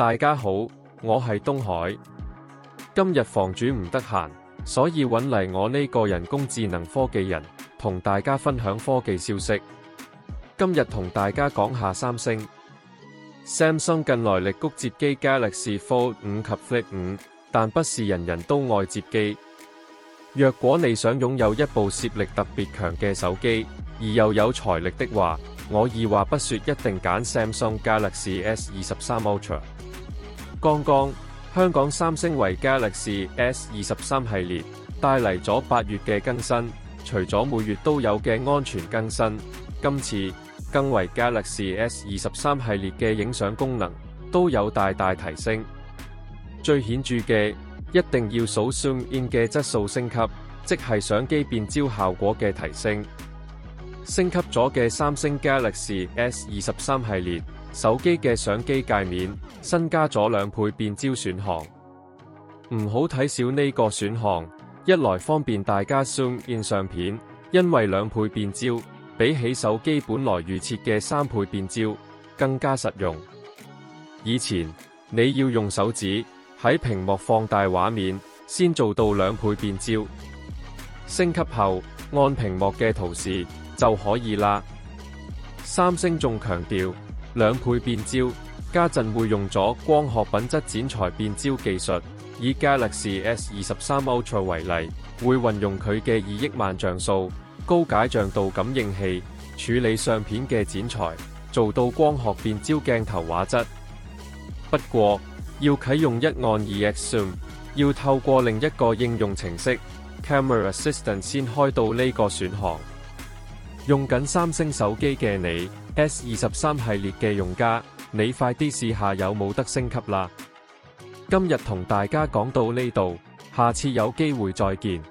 大家好，我係東海。今日房主唔得閒，所以搵嚟我呢個人工智能科技人，同大家分享科技消息。今日同大家講下三星。Samsung 近來力谷摺機佳力士 Fold 五及 Flip 五，但不是人人都愛摺機。若果你想擁有一部攝力特別強嘅手機，而又有財力的話，我二話不說，一定揀 Samsung 佳力士 S 二十三 Ultra。剛剛，香港三星為 Galaxy S 二十三系列帶嚟咗八月嘅更新。除咗每月都有嘅安全更新，今次更為 Galaxy S 二十三系列嘅影相功能都有大大提升。最顯著嘅，一定要數 Zoom In 嘅質素升級，即係相機變焦效果嘅提升。升級咗嘅三星 Galaxy S 二十三系列。手機嘅相機界面新加咗兩倍變焦選項，唔好睇少呢個選項，一來方便大家 zoom in 相片，因為兩倍變焦比起手機本來預設嘅三倍變焦更加實用。以前你要用手指喺屏幕放大畫面，先做到兩倍變焦，升級後按屏幕嘅圖示就可以啦。三星仲強調。兩倍變焦，家能陣會用咗光學品質剪裁變焦技術，以 Galaxy S 二十三 Ultra 為例，會運用佢嘅二億萬像素高解像度感應器處理相片嘅剪裁，做到光學變焦鏡頭畫質。不過要啟用一按二 X zoom，要透過另一個應用程式 Camera Assistant 先開到呢個選項。用緊三星手機嘅你，S23 系列嘅用家，你快啲試下有冇得升級啦！今日同大家講到呢度，下次有機會再見。